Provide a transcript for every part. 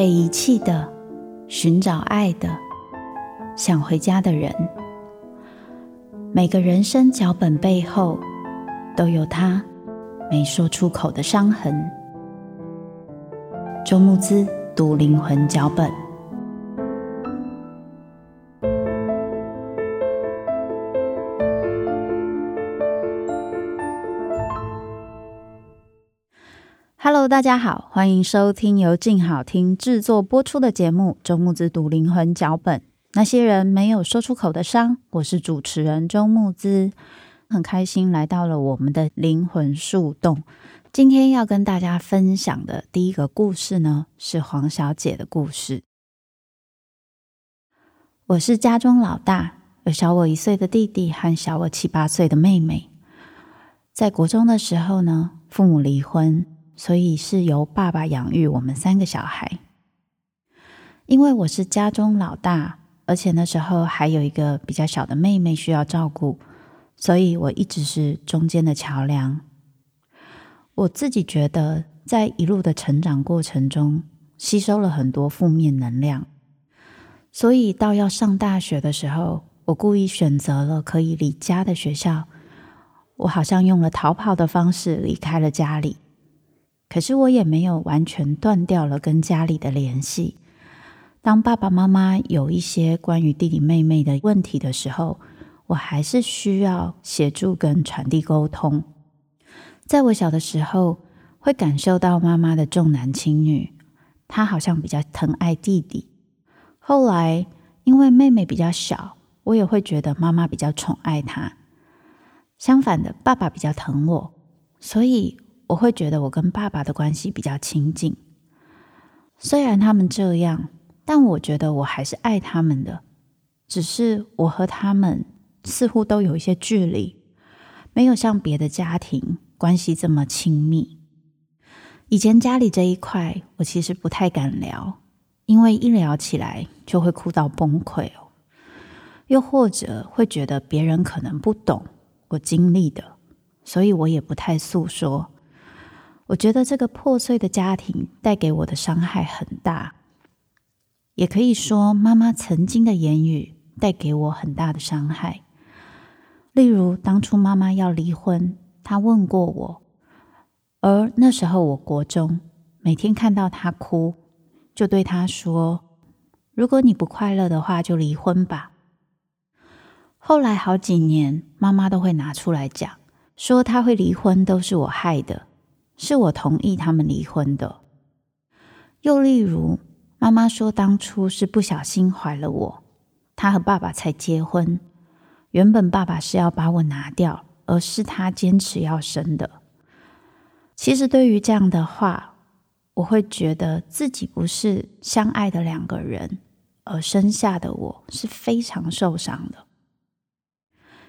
被遺棄的，尋找愛的，想回家的人。每個人生腳本背後，都有他沒說出口的傷痕。周慕姿讀靈魂腳本。大家好，歡迎收聽由靜好聽製作播出的節目《周牧之讀靈魂腳本》。那些人沒有說出口的傷。我是主持人周牧之，很開心來到了我們的靈魂樹洞。今天要跟大家分享的第一個故事呢，是黃小姐的故事。我是家中老大，有小我一歲的弟弟和小我七八歲的妹妹。在國中的時候呢，父母離婚。所以是由爸爸養育我們三個小孩，因為我是家中老大，而且那時候還有一個比較小的妹妹需要照顧，所以我一直是中間的橋梁。我自己覺得，在一路的成長過程中，吸收了很多負面能量，所以到要上大學的時候，我故意選擇了可以離家的學校，我好像用了逃跑的方式離開了家裡。可是我也沒有完全斷掉了跟家裡的聯繫。當爸爸媽媽有一些關於弟弟妹妹的問題的時候，我還是需要協助跟傳遞溝通。在我小的時候，會感受到媽媽的重男輕女，她好像比較疼愛弟弟。後來因為妹妹比較小，我也會覺得媽媽比較寵愛她。相反的，爸爸比較疼我，所以。我會覺得我跟爸爸的關係比較親近，雖然他們這樣，但我覺得我還是愛他們的。只是我和他們似乎都有一些距離，沒有像別的家庭關係這麼親密。以前家裡這一塊，我其實不太敢聊，因為一聊起來就會哭到崩潰。又或者會覺得別人可能不懂我經歷的，所以我也不太訴說。我覺得這個破碎的家庭帶給我的傷害很大，也可以說媽媽曾經的言語帶給我很大的傷害。例如當初媽媽要離婚，她問過我，而那時候我國中每天看到她哭，就對她說：“如果你不快樂的話，就離婚吧。”後來好幾年，媽媽都會拿出來講，說她會離婚都是我害的。是我同意他們離婚的。又例如，媽媽說當初是不小心懷了我，她和爸爸才結婚。原本爸爸是要把我拿掉，而是她堅持要生的。其實對於這樣的話，我會覺得自己不是相愛的兩個人，而生下的我是非常受傷的。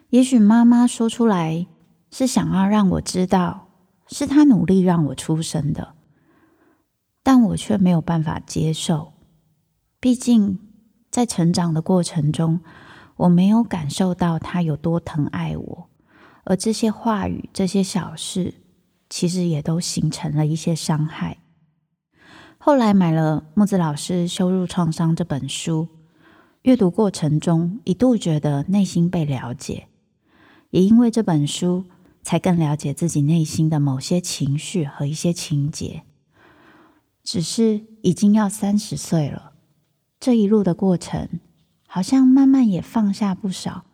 也許媽媽說出來是想要讓我知道。是他努力讓我出生的，但我卻沒有辦法接受。畢竟在成長的過程中，我沒有感受到他有多疼愛我，而這些話語、這些小事，其實也都形成了一些傷害。後來買了慕姿老師《羞辱創傷》這本書，閱讀過程中一度覺得內心被了解，也因為這本書。才更了解自己內心的某些情緒和一些情節。只是已經要三十歲了，這一路的過程好像慢慢也放下不少，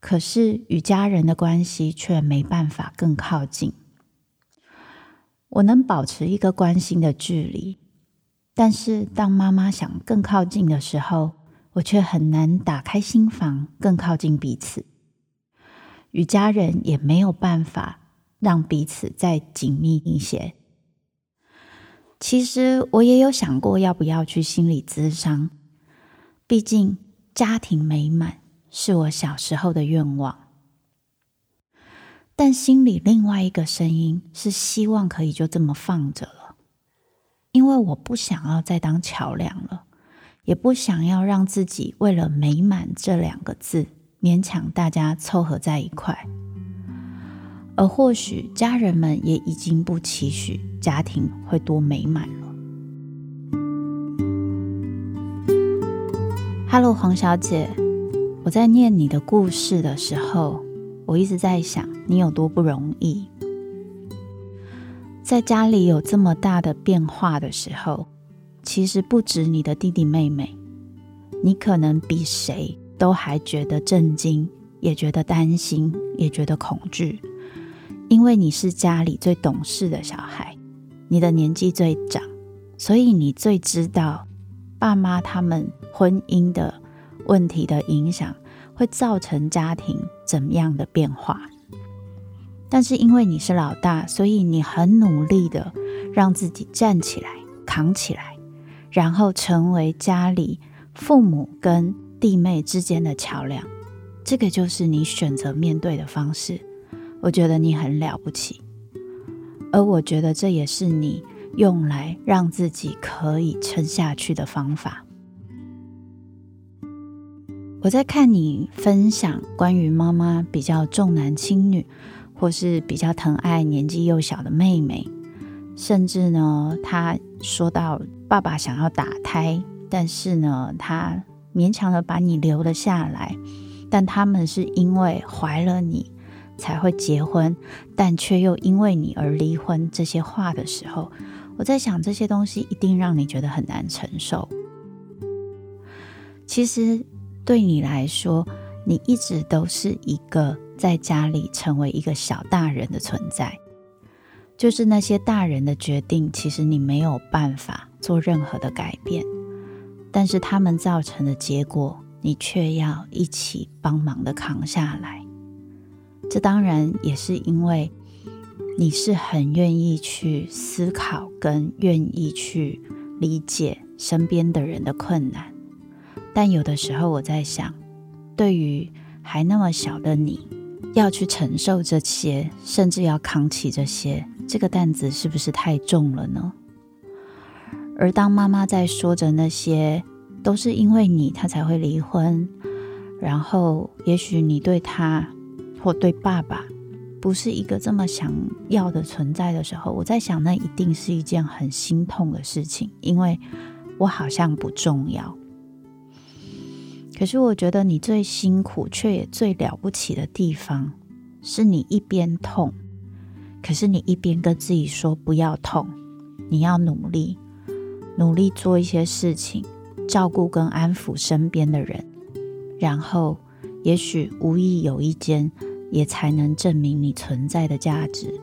可是與家人的關係卻沒辦法更靠近。我能保持一個關心的距離，但是當媽媽想更靠近的時候，我卻很難打開心房，更靠近彼此。與家人也沒有辦法讓彼此再緊密一些。其實我也有想過要不要去心理諮商，畢竟家庭美滿是我小時候的願望。但心裡另外一個聲音是希望可以就這麼放着了，因為我不想要再當橋梁了，也不想要讓自己為了美滿這兩個字。勉強大家湊合在一塊，而或許家人們也已經不期許家庭會多美滿了。Hello，黃小姐，我在念你的故事的時候，我一直在想你有多不容易。在家裡有這麼大的變化的時候，其實不止你的弟弟妹妹，你可能比誰。都還覺得震驚，也覺得擔心，也覺得恐懼，因為你是家裡最懂事的小孩，你的年紀最長，所以你最知道爸媽他們婚姻的問題的影響會造成家庭怎麼樣的變化。但是因為你是老大，所以你很努力的讓自己站起來、扛起來，然後成為家裡父母跟。弟妹之間的橋樑，這個就是你選擇面對的方式。我覺得你很了不起，而我覺得這也是你用來讓自己可以撐下去的方法。我在看你分享關於媽媽比較重男輕女，或是比較疼愛年紀又小的妹妹，甚至呢，她說到爸爸想要打胎，但是呢，他。勉強的把你留了下來，但他們是因為懷了你才會結婚，但卻又因為你而離婚。這些話的時候，我在想這些東西一定讓你覺得很難承受。其實對你來說，你一直都是一個在家裡成為一個小大人的存在，就是那些大人的決定，其實你沒有辦法做任何的改變。但是他們造成的結果，你卻要一起幫忙的扛下來。這當然也是因為你是很願意去思考跟願意去理解身邊的人的困難。但有的時候我在想，對於還那麼小的你，要去承受這些，甚至要扛起這些，這個擔子是不是太重了呢？而當媽媽在說着那些都是因為你，她才會離婚，然後也許你對她或對爸爸不是一個這麼想要的存在的時候，我在想，那一定是一件很心痛的事情，因為我好像不重要。可是我覺得你最辛苦卻也最了不起的地方，是你一邊痛，可是你一邊跟自己說，不要痛，你要努力。努力做一些事情，照顧跟安撫身邊的人，然後也許無意有意間，也才能證明你存在的價值。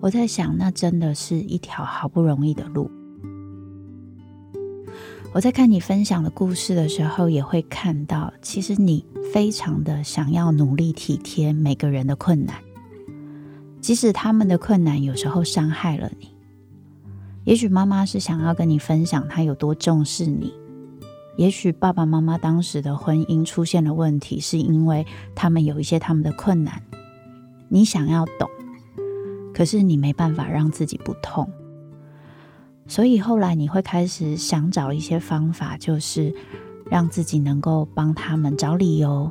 我在想，那真的是一條好不容易的路。我在看你分享的故事的時候，也會看到，其實你非常的想要努力體貼每個人的困難，即使他們的困難有時候傷害了你。也許媽媽是想要跟你分享她有多重視你，也許爸爸媽媽當時的婚姻出現了問題，是因為他們有一些他們的困難。你想要懂，可是你沒辦法讓自己不痛，所以後來你會開始想找一些方法，就是讓自己能夠幫他們找理由，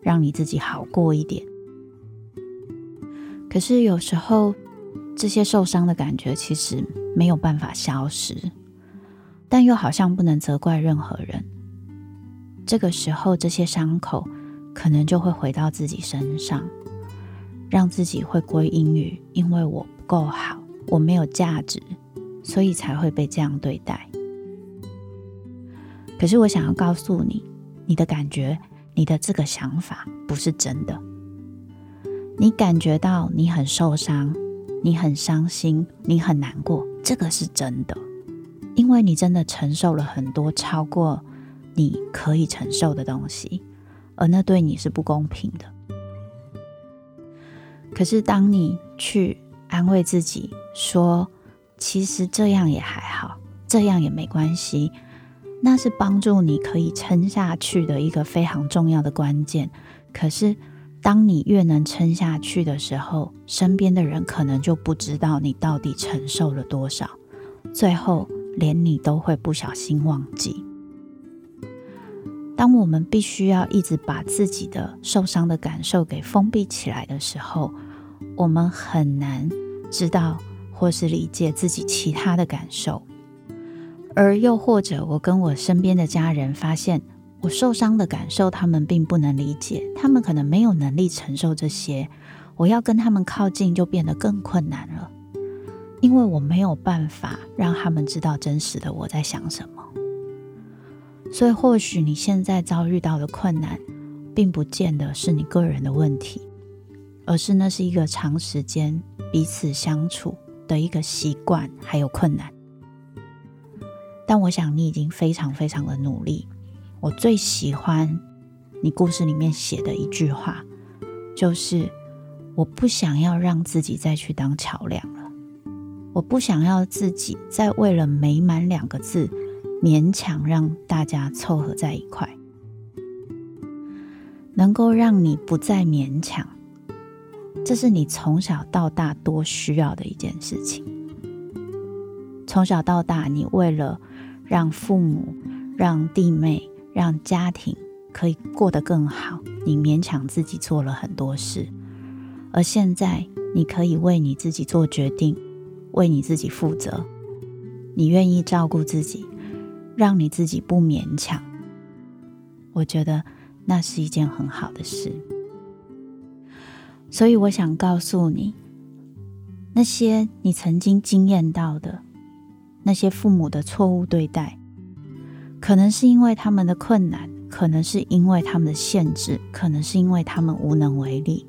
讓你自己好過一點。可是有時候。這些受傷的感覺其實沒有辦法消失，但又好像不能責怪任何人。這個時候，這些傷口可能就會回到自己身上，讓自己會歸因於“因為我不夠好，我沒有價值，所以才會被這樣對待”。可是，我想要告訴你，你的感覺，你的這個想法不是真的。你感覺到你很受傷。你很傷心，你很難過，這個是真的，因為你真的承受了很多超過你可以承受的東西，而那對你是不公平的。可是，當你去安慰自己說“其實這樣也還好，這樣也沒關係”，那是幫助你可以撐下去的一個非常重要的關鍵。可是。當你越能撐下去的時候，身邊的人可能就不知道你到底承受了多少，最後連你都會不小心忘記。當我們必須要一直把自己的受傷的感受給封閉起來的時候，我們很難知道或是理解自己其他的感受。而又或者我跟我身邊的家人發現。我受傷的感受，他們並不能理解，他們可能沒有能力承受這些。我要跟他們靠近，就變得更困難了，因為我沒有辦法讓他們知道真實的我在想什麼。所以，或許你現在遭遇到的困難，並不見得是你個人的問題，而是那是一個長時間彼此相處的一個習慣，還有困難。但我想你已經非常非常的努力。我最喜歡你故事裡面寫的一句話，就是我不想要讓自己再去當橋梁了，我不想要自己再為了“美滿”兩個字，勉強讓大家湊合在一塊，能夠讓你不再勉強，這是你從小到大多需要的一件事情。從小到大，你為了讓父母、讓弟妹。讓家庭可以過得更好，你勉強自己做了很多事，而現在你可以為你自己做決定，為你自己負責。你願意照顧自己，讓你自己不勉強，我覺得那是一件很好的事。所以我想告訴你，那些你曾經經驗到的，那些父母的錯誤對待。可能是因為他們的困難，可能是因為他們的限制，可能是因為他們無能為力。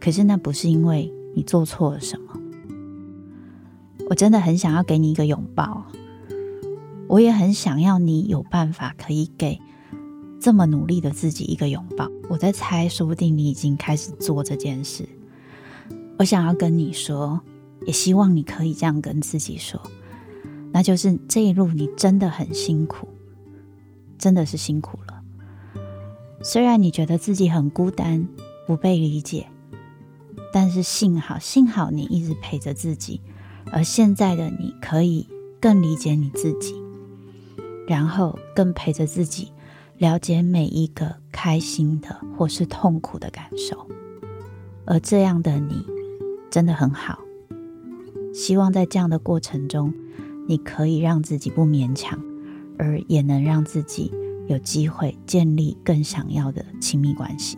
可是那不是因為你做錯了什麼。我真的很想要給你一個擁抱，我也很想要你有辦法可以給這麼努力的自己一個擁抱。我在猜，說不定你已經開始做這件事。我想要跟你說，也希望你可以這樣跟自己說，那就是這一路你真的很辛苦。真的是辛苦了。雖然你覺得自己很孤單、不被理解，但是幸好，幸好你一直陪着自己。而現在的你可以更理解你自己，然後更陪着自己，了解每一個開心的或是痛苦的感受。而這樣的你，真的很好。希望在這樣的過程中，你可以讓自己不勉強。而也能讓自己有機會建立更想要的親密關係。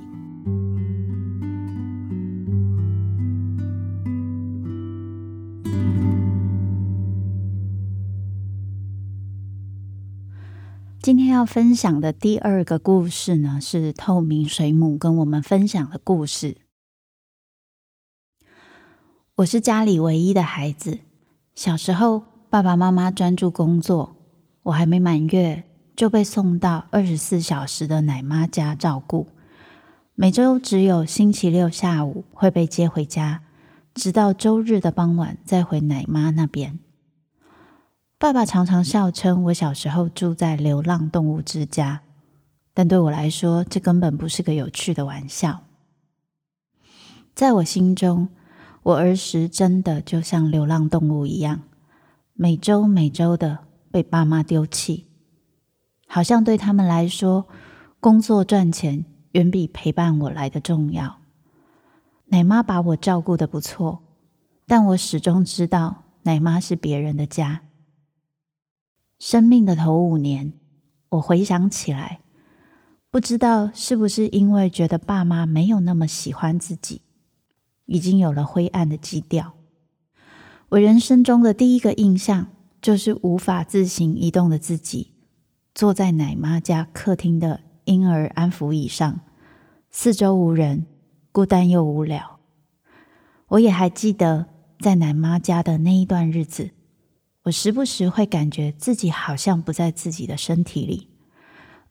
今天要分享的第二個故事呢，是透明水母跟我們分享的故事。我是家裡唯一的孩子，小時候爸爸媽媽專注工作。我還沒滿月就被送到二十四小時的奶媽家照顧，每周只有星期六下午會被接回家，直到周日的傍晚再回奶媽那邊。爸爸常常笑稱我小時候住在流浪動物之家，但對我來說，這根本不是個有趣的玩笑。在我心中，我兒時真的就像流浪動物一樣，每周每周的。被爸媽丟棄，好像對他們來說，工作賺錢遠比陪伴我來得重要。奶媽把我照顧得不錯，但我始終知道，奶媽是別人的家。生命的頭五年，我回想起來，不知道是不是因為覺得爸媽沒有那麼喜歡自己，已經有了灰暗的基調。我人生中的第一個印象。就是無法自行移動的自己，坐在奶媽家客廳的嬰兒安撫椅上，四周無人，孤單又無聊。我也還記得在奶媽家的那一段日子，我時不時會感覺自己好像不在自己的身體裡，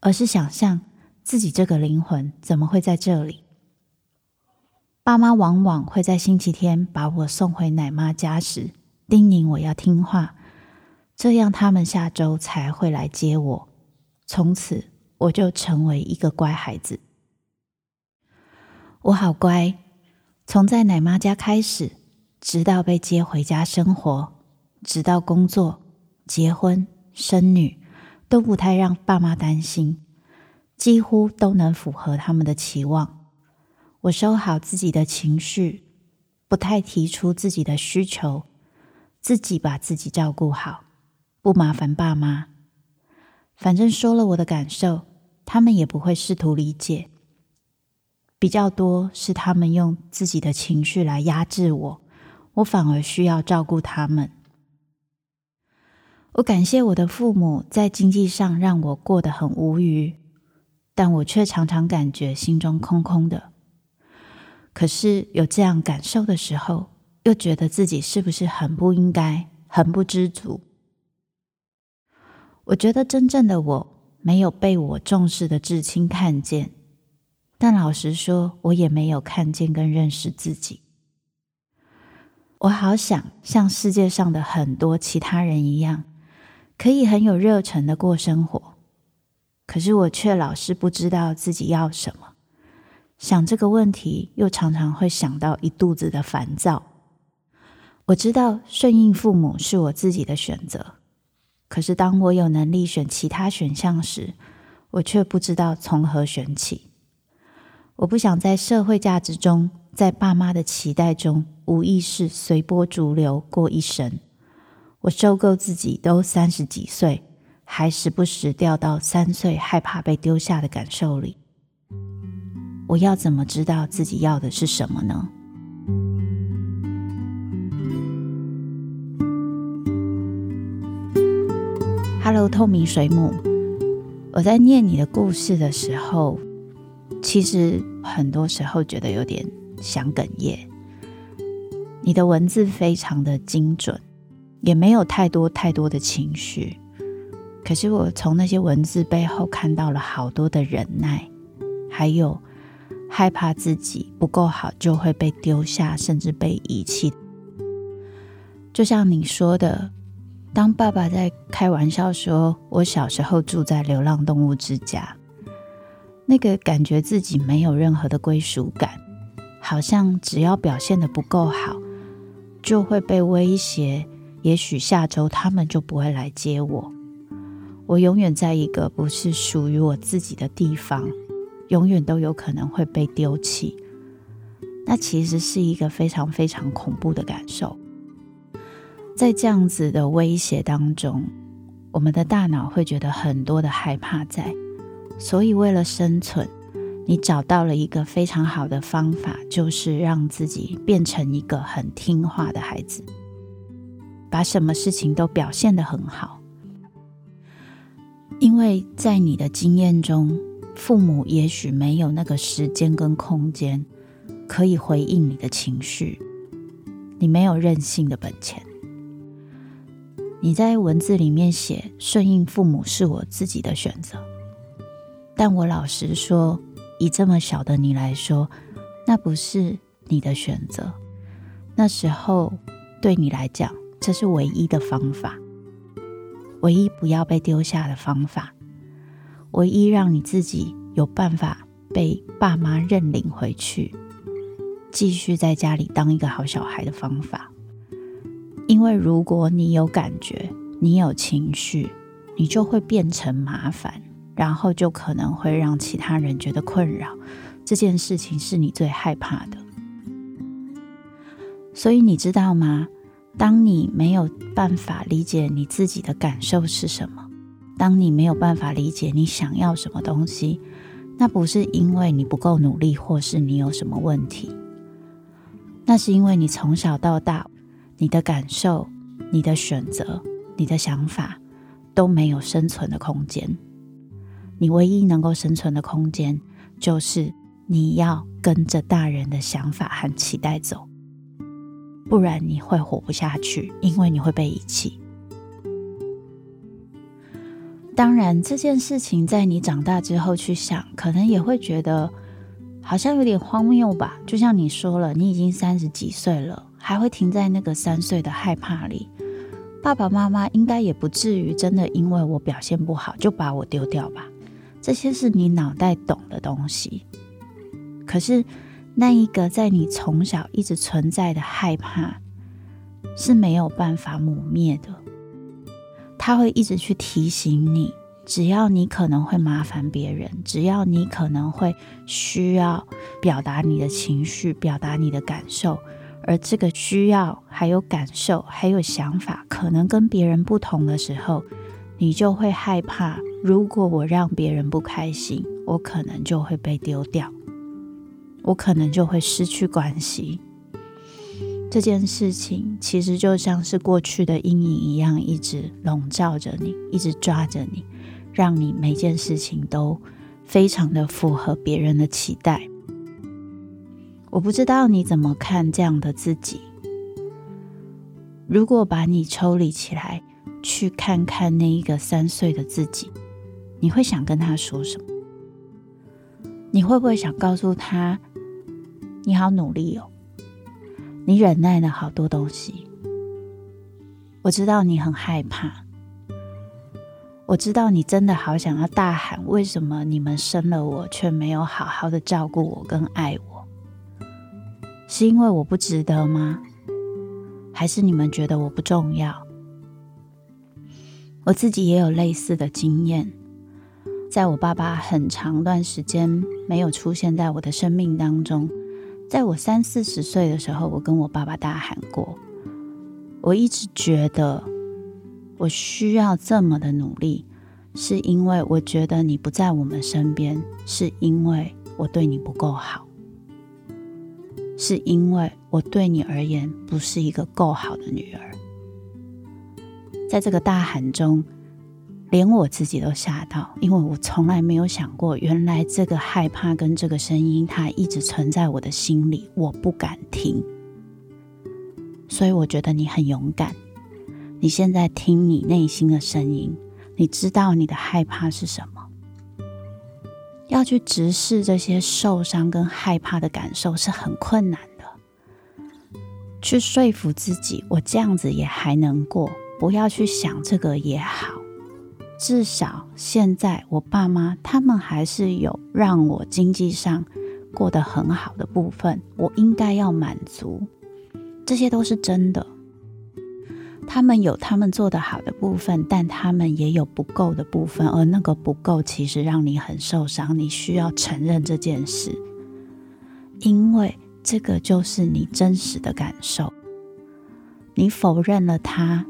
而是想象自己這個靈魂怎麼會在這裡。爸媽往往會在星期天把我送回奶媽家時，叮嚀我要聽話。這樣，他們下周才會來接我。從此，我就成為一個乖孩子。我好乖，從在奶媽家開始，直到被接回家生活，直到工作、結婚、生女，都不太讓爸媽擔心，幾乎都能符合他們的期望。我收好自己的情緒，不太提出自己的需求，自己把自己照顧好。不麻煩爸媽，反正說了我的感受，他們也不會試圖理解。比較多是他們用自己的情緒來壓制我，我反而需要照顧他們。我感謝我的父母在經濟上讓我過得很無虞，但我卻常常感覺心中空空的。可是有這樣感受的時候，又覺得自己是不是很不應該，很不知足？我覺得真正的我沒有被我重視的至親看見，但老實說，我也沒有看見跟認識自己。我好想像世界上的很多其他人一樣，可以很有熱忱的過生活，可是我卻老是不知道自己要什麼。想這個問題，又常常會想到一肚子的煩躁。我知道順應父母是我自己的選擇。可是，當我有能力選其他選項時，我卻不知道從何選起。我不想在社會價值中，在爸媽的期待中，無意識隨波逐流過一生。我受夠自己都三十幾歲，還時不時掉到三歲害怕被丟下的感受裡。我要怎麼知道自己要的是什麼呢？Hello，透明水母。我在念你的故事的時候，其實很多時候覺得有點想哽咽。你的文字非常的精準，也沒有太多太多的情緒。可是我從那些文字背後看到了好多的忍耐，還有害怕自己不夠好就會被丟下，甚至被遺棄。就像你說的，當爸爸在開玩笑說：“我小時候住在流浪動物之家，那個感覺自己沒有任何的歸屬感，好像只要表現得不夠好，就會被威脅。也許下周他們就不會來接我。我永遠在一個不是屬於我自己的地方，永遠都有可能會被丟棄。那其實是一個非常非常恐怖的感受。”在這樣子的威脅當中，我們的大腦會覺得很多的害怕在，所以為了生存，你找到了一個非常好的方法，就是讓自己變成一個很聽話的孩子，把什麼事情都表現得很好。因為在你的經驗中，父母也許沒有那個時間跟空間可以回應你的情緒，你沒有任性的本錢。你在文字裡面寫，順應父母是我自己的選擇，但我老實說，以這麼小的你來說，那不是你的選擇。那時候對你來講，這是唯一的方法，唯一不要被丟下的方法，唯一讓你自己有辦法被爸媽認領回去，繼續在家裡當一個好小孩的方法。因為如果你有感覺，你有情緒，你就會變成麻煩，然後就可能會讓其他人覺得困擾。這件事情是你最害怕的。所以你知道嗎？當你沒有辦法理解你自己的感受是什麼，當你沒有辦法理解你想要什麼東西，那不是因為你不夠努力，或是你有什麼問題，那是因為你從小到大，你的感受、你的選擇、你的想法都沒有生存的空間。你唯一能夠生存的空間，就是你要跟着大人的想法和期待走，不然你會活不下去，因為你會被遺棄。當然，這件事情在你長大之後去想，可能也會覺得好像有點荒謬吧。就像你說了，你已經三十幾歲了。還會停在那個三歲的害怕裡，爸爸媽媽應該也不至於真的因為我表現不好就把我丟掉吧。這些是你腦袋懂的東西，可是那一個在你從小一直存在的害怕是沒有辦法抹滅的，他會一直去提醒你，只要你可能會麻煩別人，只要你可能會需要表達你的情緒，表達你的感受，而這個需要還有感受還有想法，可能跟別人不同的時候，你就會害怕。如果我讓別人不開心，我可能就會被丟掉，我可能就會失去關係。這件事情其實就像是過去的陰影一樣，一直籠罩着你，一直抓着你，讓你每件事情都非常的符合別人的期待。我不知道你怎麼看這樣的自己。如果把你抽離起來，去看看那一個三歲的自己，你會想跟他說什麼？你會不會想告訴他：“你好努力哦，你忍耐了好多東西。”我知道你很害怕，我知道你真的好想要大喊：“為什麼你們生了我，卻沒有好好的照顧我跟愛我？”是因為我不值得嗎？還是你們覺得我不重要？我自己也有類似的經驗，在我爸爸很長段時間沒有出現在我的生命當中，在我三四十歲的時候，我跟我爸爸大喊過，我一直覺得我需要這麼的努力，是因為我覺得你不在我們身邊，是因為我對你不夠好。是因為我對你而言不是一個夠好的女兒，在這個大喊中，連我自己都嚇到，因為我從來沒有想過，原來這個害怕跟這個聲音，它一直存在我的心裡，我不敢聽。所以我覺得你很勇敢，你現在聽你內心的聲音，你知道你的害怕是什麼。要去直視這些受傷跟害怕的感受是很困難的。去說服自己，我這樣子也還能過，不要去想這個也好。至少現在我爸媽他們還是有讓我經濟上過得很好的部分，我應該要滿足，這些都是真的。他們有他們做得好的部分，但他們也有不夠的部分，而那個不夠其實讓你很受傷。你需要承認這件事，因為這個就是你真實的感受。你否認了他，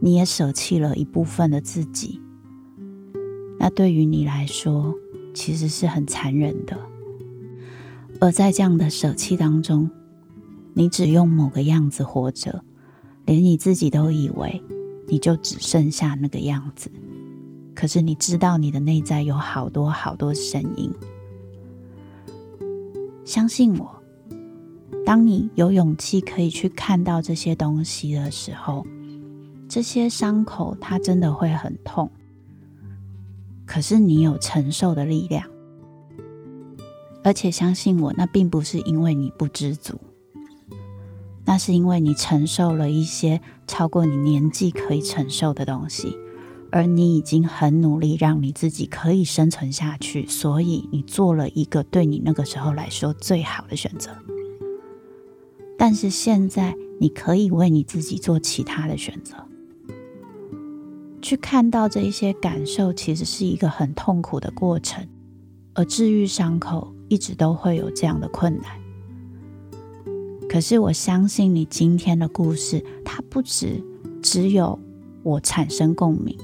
你也捨棄了一部分的自己，那對於你來說其實是很殘忍的。而在這樣的捨棄當中，你只用某個樣子活着。連你自己都以為你就只剩下那個樣子，可是你知道你的內在有好多好多聲音。相信我，當你有勇氣可以去看到這些東西的時候，這些傷口它真的會很痛。可是你有承受的力量，而且相信我，那並不是因為你不知足。那是因為你承受了一些超過你年紀可以承受的東西，而你已經很努力讓你自己可以生存下去，所以你做了一個對你那個時候來說最好的選擇。但是現在你可以為你自己做其他的選擇，去看到這一些感受其實是一個很痛苦的過程，而治癒傷口一直都會有這樣的困難。可是我相信你今天的故事，它不止只有我產生共鳴，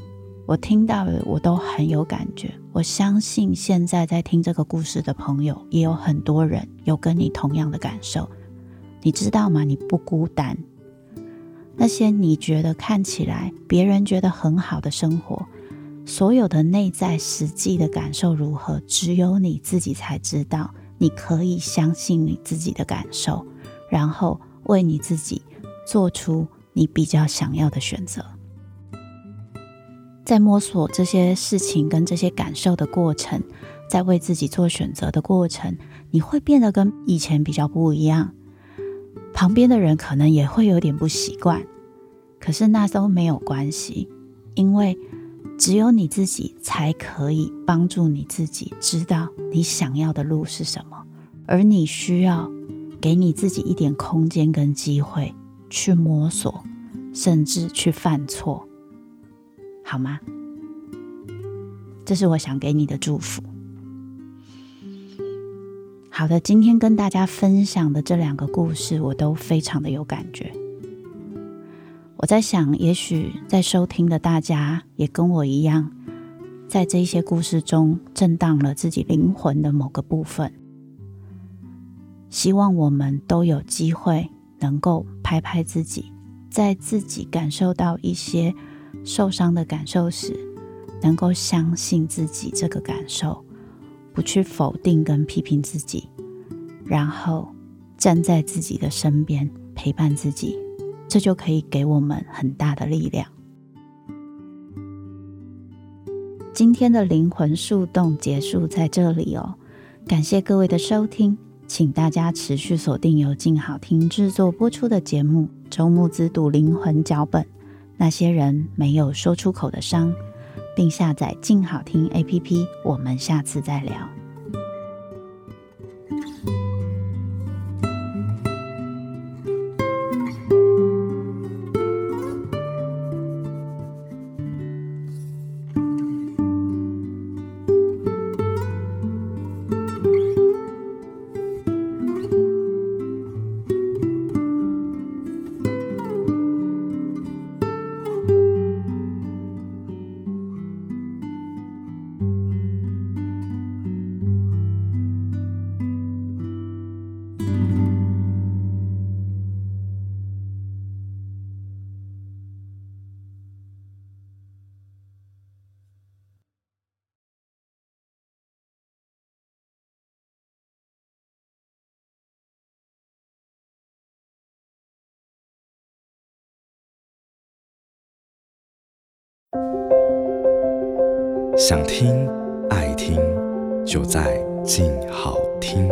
我聽到的我都很有感覺。我相信現在在聽這個故事的朋友，也有很多人有跟你同樣的感受。你知道嗎？你不孤單。那些你覺得看起來別人覺得很好的生活，所有的內在實際的感受如何，只有你自己才知道。你可以相信你自己的感受。然後為你自己做出你比較想要的選擇，在摸索這些事情跟這些感受的過程，在為自己做選擇的過程，你會變得跟以前比較不一樣。旁邊的人可能也會有點不習慣，可是那都沒有關係，因為只有你自己才可以幫助你自己知道你想要的路是什麼，而你需要。給你自己一點空間跟機會，去摸索，甚至去犯錯，好嗎？這是我想給你的祝福。好的，今天跟大家分享的這兩個故事，我都非常的有感覺。我在想，也許在收聽的大家也跟我一樣，在這些故事中震盪了自己靈魂的某個部分。希望我們都有機會能夠拍拍自己，在自己感受到一些受傷的感受時，能夠相信自己這個感受，不去否定跟批評自己，然後站在自己的身邊陪伴自己，這就可以給我們很大的力量。今天的靈魂樹洞結束在這裡哦，感謝各位的收聽。請大家持續鎖定由靜好聽製作播出的節目《周末自讀靈魂腳本》，那些人沒有說出口的傷，並下載靜好聽 APP。我們下次再聊。想聽，愛聽，就在靜好聽。